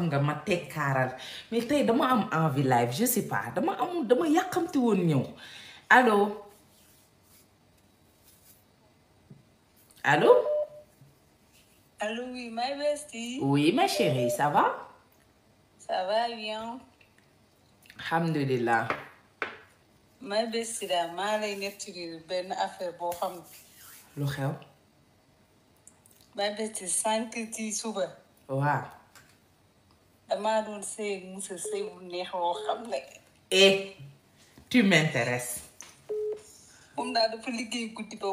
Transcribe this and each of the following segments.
xam nga ma teg kaaral mais tey dama am envie live je sais pas dama amul dama yàqamti woon ñëw allô allô allô oui my bestie. oui ma chérie ça va. ça va bien. alhamdulilah. my bestie daal maa lay nettali benn affaire boo xam. lu xew. ma bestie sànq ci suba. waaw. damaa doon sëy ak Moussa sëy bu neex woo xam eh,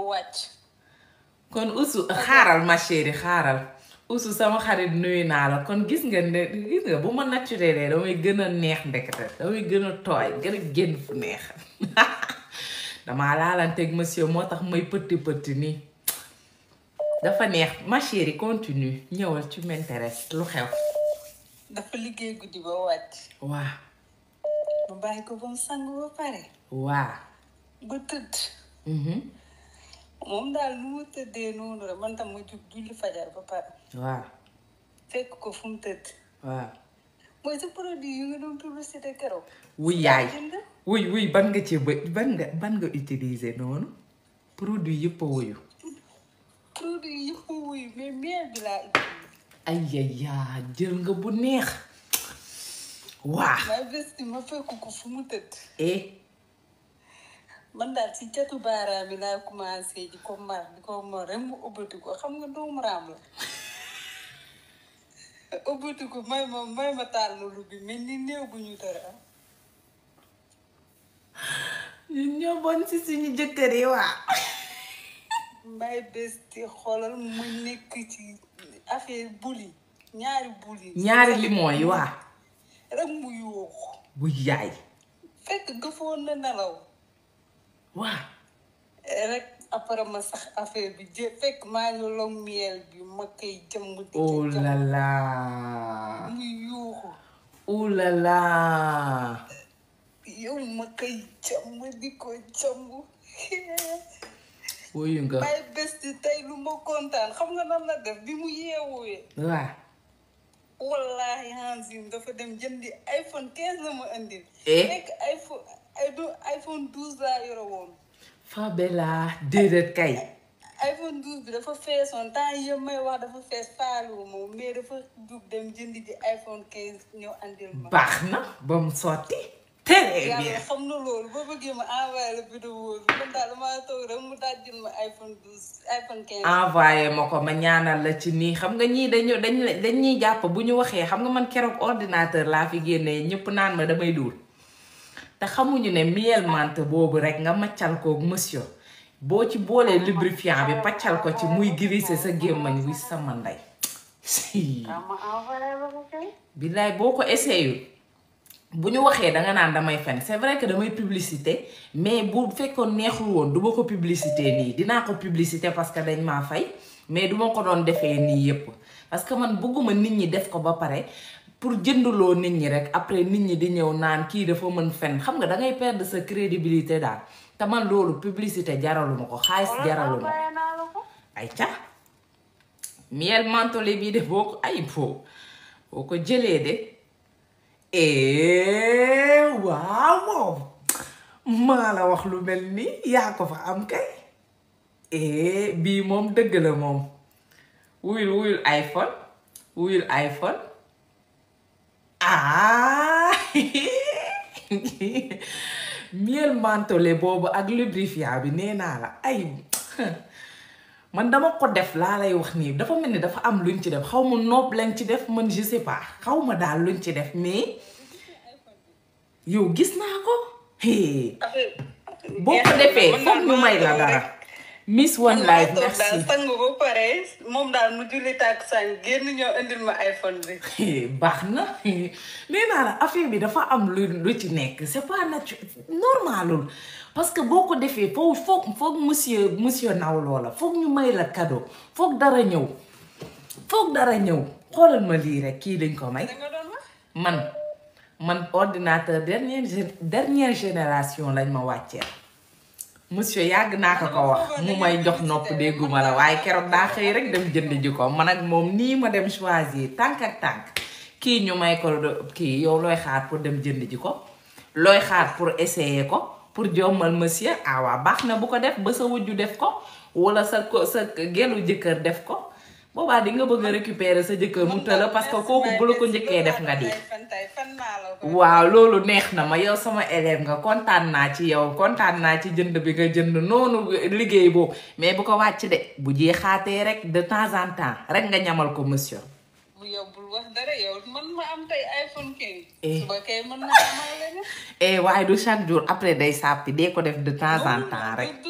wàcc. kon Usu xaaral ma chérie xaaral Usu sama xarit nuyu naa la kon gis nga ne bu ma naturel damay gën a neex ndekete damay gën a tooy gën a génn fu neex damaa laalanteeg moo tax may pëtti pëtti nii. dafa neex ma chérie continue ñëwal tu m'intéresses lu xew. dafa liggéey guddi ba wàcc. waaw. mu bàyyi ko ba mu sangu ba pare. waaw. ba tëdd. Mm-hmm. moom daal lu mu tëddee noonu rek man tam ma jug julli fajar ba pare. waaw. fekk ko fu mu tëdd. waaw. mooy sa produit yu nga doon publicité keroog. wuy yaay wuy wuy ban nga cee ban nga ban nga utiliser noonu. produit yëpp wuyu. produit yëpp wuyu mais miel bi laa utiliser. Ayaya, jël nga bu neex. Waa. Ma veste ma fekk ko fu Eh. man daal si catu baaraam bi laa commencé di ko mar di ko mar rek mu ubbati ko xam nga doomu raam la. ubbati ko may ma may ma taal ma lu bi mel ni néew bu ñu ñun ñoo bon si suñu jëkkër yi waa. may afei buli ñaari buli ñaari limon wa waa rek mu yuuxu bu yaay fekk gëfoon na nelaw waa rek après ma sax affaire bi fekk long miel bi ma koy jëm oh la la mu oh la la yow ma koy jëm di ko jëm foo yënga tey lu ma kontaan xam nga nan la def bi mu yeewuwee waaw wallaahi hansim dafa dem jëndi iPhone 15 la ma indil eh? nekk iPhone iPhone laa yore woon faa bella déedéet kay iPhone 12 bi dafa feesoon temps yëpp may wax dafa fees faalu moom mais dafa jug dem jëndi di iPhone 15 ñëw andil ma baax na bam mu sotti très bien yàlla xam na loolu boo bëggee ma envoyé la vidéo bi man daal damaa mu daal ma iPhone 12 iPhone 15. envoyé ko ma ñaanal la ci nii xam nga ñii dañu dañ dañ ñuy jàpp bu ñu waxee xam nga man keroog ordinateur laa fi génnee ñëpp naan ma damay duul te xamuñu ne miel mante boobu rek nga maccal ko monsieur boo ci boolee lubrifiant bi paccal ko ci muy grisé sa gémmañ wi sama ndey. si ah, boo ko essayé. bu ñu waxee danga naan damay fen c'est vrai que damay publicité mais bu fekkoon neexul woon du ma ko publicité nii dinaa ko publicité parce que dañ maa fay mais du ma ko doon defee nii yépp parce que man bëgguma nit ñi def ko ba pare pour jënduloo nit ñi rek après nit ñi di ñëw naan kii dafa mën fen xam nga da ngay perdre sa crédibilité daal te man loolu publicité jaraluma ko xaalis jaraluma ko ay ca miel mentholé bii de boo ko ay boo boo ko jëlee de eh waaw moom maa la wax lu mel ni yaa ko fa am kay eh bii moom dëgg la moom wuyul wuyul iPhone wuyul iPhone ah miel mantole boobu ak lubrifiant bi nee la ay man dama ko def laa lay wax nii dafa mel ni dafa am luñ ci def xaw ma noob lañ ci def man je sais xaw ma daal luñ ci def mais yow gis naa ko. boo ko defee foog ñu may la dara. Miss One Life merci daal sangu ba pare moom daal mu julli tàkkusaan génn ñoo indil ma iPhone bi. baax na nee naa bi dafa am lu lu ci nekk c'est pas naturel normalul parce que boo ko defee foo foog foog monsieur monsieur naw foog ñu may la cadeau foog dara ñëw foog dara ñëw xoolal ma lii rek kii dañ ko may. man ordinateur dernière génération lañ ma wàcceel. monsieur yàgg naa ko ko wax mu may jox nopp dégguma la waaye keroog daa xëy rek dem jënd ji ko man ak moom nii ma dem choisir tànk ak tànk kii ñu may ko kii yow looy xaar pour dem jënd ji ko looy xaar pour essayer ko pour jommal monsieur ah waa baax na bu ko def ba sa wujju def ko wala sa ko sa gelu jëkkër def ko boobaa di nga bëgg a récupérer sa jëkkër mu tëla parce que kooku bu la ko njëkkee def nga di waaw loolu neex na ma yow sama élève nga kontaan naa ci yow kontaan naa ci jënd bi nga jënd noonu liggéey boobu mais bu ko wàcc de bu jeexaatee rek de temps en temps rek nga ñamal ko monsieur bu yow bul wax dara yow man ma am tey iPhone eh. kay mën na eh, waaye du chaque jour après day sàppi dee ko def de temps en temps rek.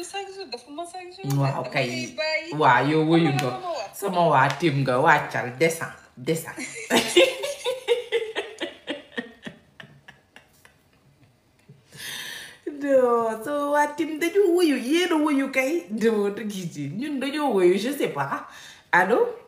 waaw kay waaw yow wuyu nga sama waa tim nga wàccal descend descend. non so waa tim dañoo wuyu yéen a wuyu kay. dégg nga ñun dañoo wuyu je sais pas allo.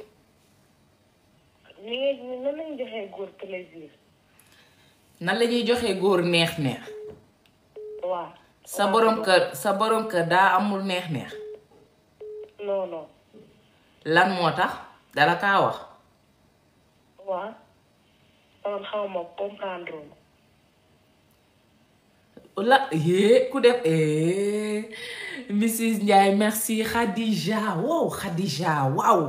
na plaisir. nan la ñuy joxee góor neex neex. waaw. sa borom kër sa borom kër daa amul neex neex. non lan moo tax dala kaa wax. waaw. man la eh, ku def eh Mrs Ndiaye merci Khadija wow Khadija waaw.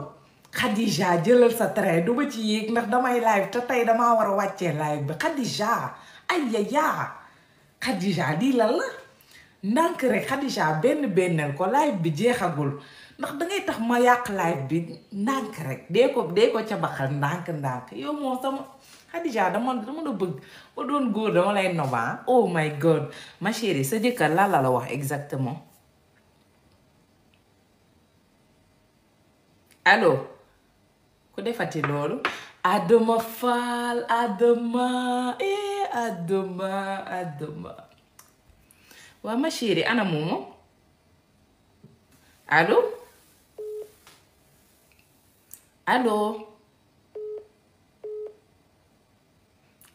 Khadija jëlal sa train duma ci yéeg ndax damay live te tey damaa war a wàccee live bi Khadija ay ya yaa Khadija lii lan la ndànk rek Khadija benn bennel ko live bi jeexagul ndax dangay tax ma yàq live bi ndànk rek dee ko dee ko ca baxal ndànk ndànk yow moom sama Khadija dama dama la bëgg ba doon góor dama lay noba ah. oh my god ma chérie sa jëkkër lan la la wax exactement Quand est lolo. à demain Fall à demain eh à demain à ma chérie ana momo. allo allo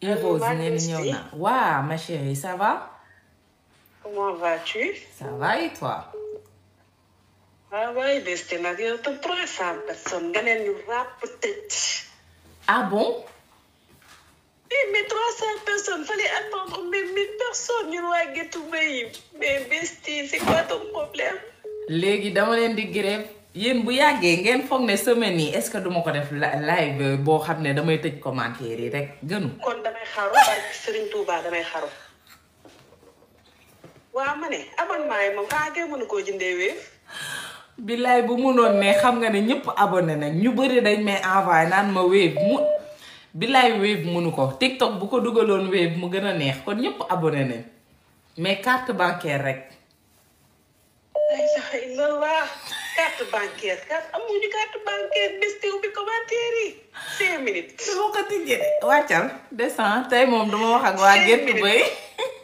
eh, Rose n'est Wa ma chérie ça va comment vas-tu ça va et toi waaw waaye bés te nag yow tam trois cent personnes nga leen ñu ràpp tëj. ah bon. oui mais trois cent personnes fallait attendre mais mille personnes ñun waa Géttu Mbaye mais bés c'est quoi ton problème. léegi dama leen di grève yéen bu yàggee ngeen foog ne semaine yi est-ce que duma ko def live boo xam ne damay tëj commentaire yi rek gënu. kon damay xaru barke Serigne Touba damay xaru. waaw ma ne abonnement yi ma ah, kaa ngeen mën koo jëndee wéef. billaay bu munoon ne xam nga ne ñëpp abonné nag ñu bëri dañ may envoyé naan ma wave mu billaay wave munu ko TikTok bu ko dugaloon wave mu gën a neex kon ñëpp abonné nañ mais carte bancaire rek. alhamdulilah carte bancaire carte amuñu carte bancaire bés te ubbi commentaire yi cinq minutes. dama ko tijjee wàccal descend tey moom dama wax ak waa génn bay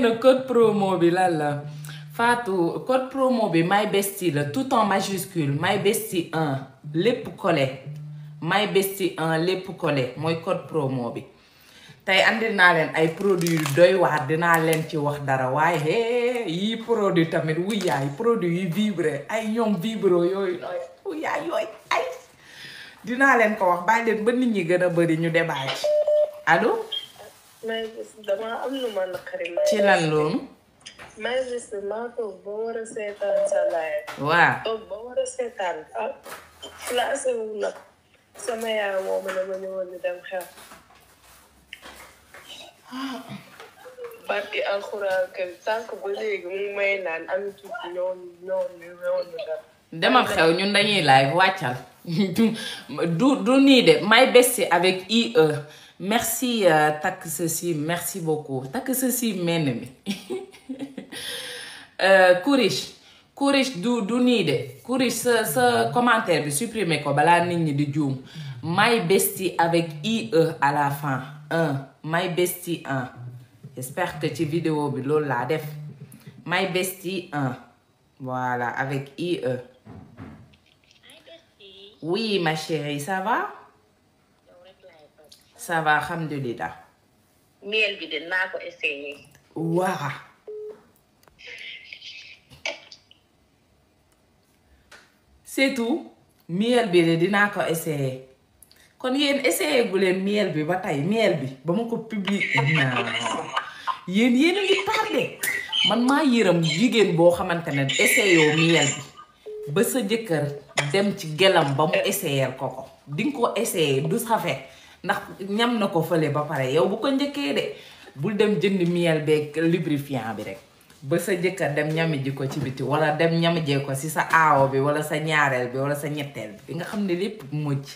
nee na code promo bi lan la Fatou code promo bi my bestie la tout en majuscule my bestie 1 lépp collé my bestie 1 lépp collé mooy code promo bi tey andi naa leen ay produits yu doy waar dinaa leen ci wax dara waaye hee yii produit tamit wu yaay produit yi vibre ay ñoom vibro yooyu nooy wu yaay yooyu ay dinaa leen ko wax bàyyi leen ba nit ñi gën a bëri ñu débat allo damaa am lu ma naqari. ci lan loolu. maa ngi gis toog ba war a seetaan sa live. waaw toog ba war a seetaan ah. nag sama yaay moom la ma ñëwoon di dem xew. ñu ñoom ñu dem. demal xew ñun dañuy live wàccal du du nii de my bestie avec IE. Merci, euh, ceci, merci beaucoup. Tak ceci, menemi. euh, Kourish, Kourish, du, du nide. Kourish, ce, ce commentaire, de supprimer ko, bala de Dieu. My bestie avec IE à la fin. 1. My bestie 1. J'espère que tu vidéo bilo la def. My bestie 1. Voilà, avec e. IE. Oui, ma chérie, ça va? ça va alhamdulilah. miel bi de naa ko essayer. waaw. c'est tout miel bi de dinaa essayer kon yéen essayer gu leen miel bi ba miel bi ba ma ko publier naa yéen ngi tardé man ma yiram jigen bo xamantene essayo miel bi ba sa jeuker dem ci gelam ba mu essayer koko ding ko essayer du xafé ndax ñam na ko fële ba pare yow bu ko njëkkee de bul dem jënd miel beeg lubrifiant bi rek ba sa jëkkër dem ñami ji ko ci biti wala dem ñami jee ko si sa aawo bi wala sa ñaareel bi wala sa ñetteel bi nga xam ne lépp mujj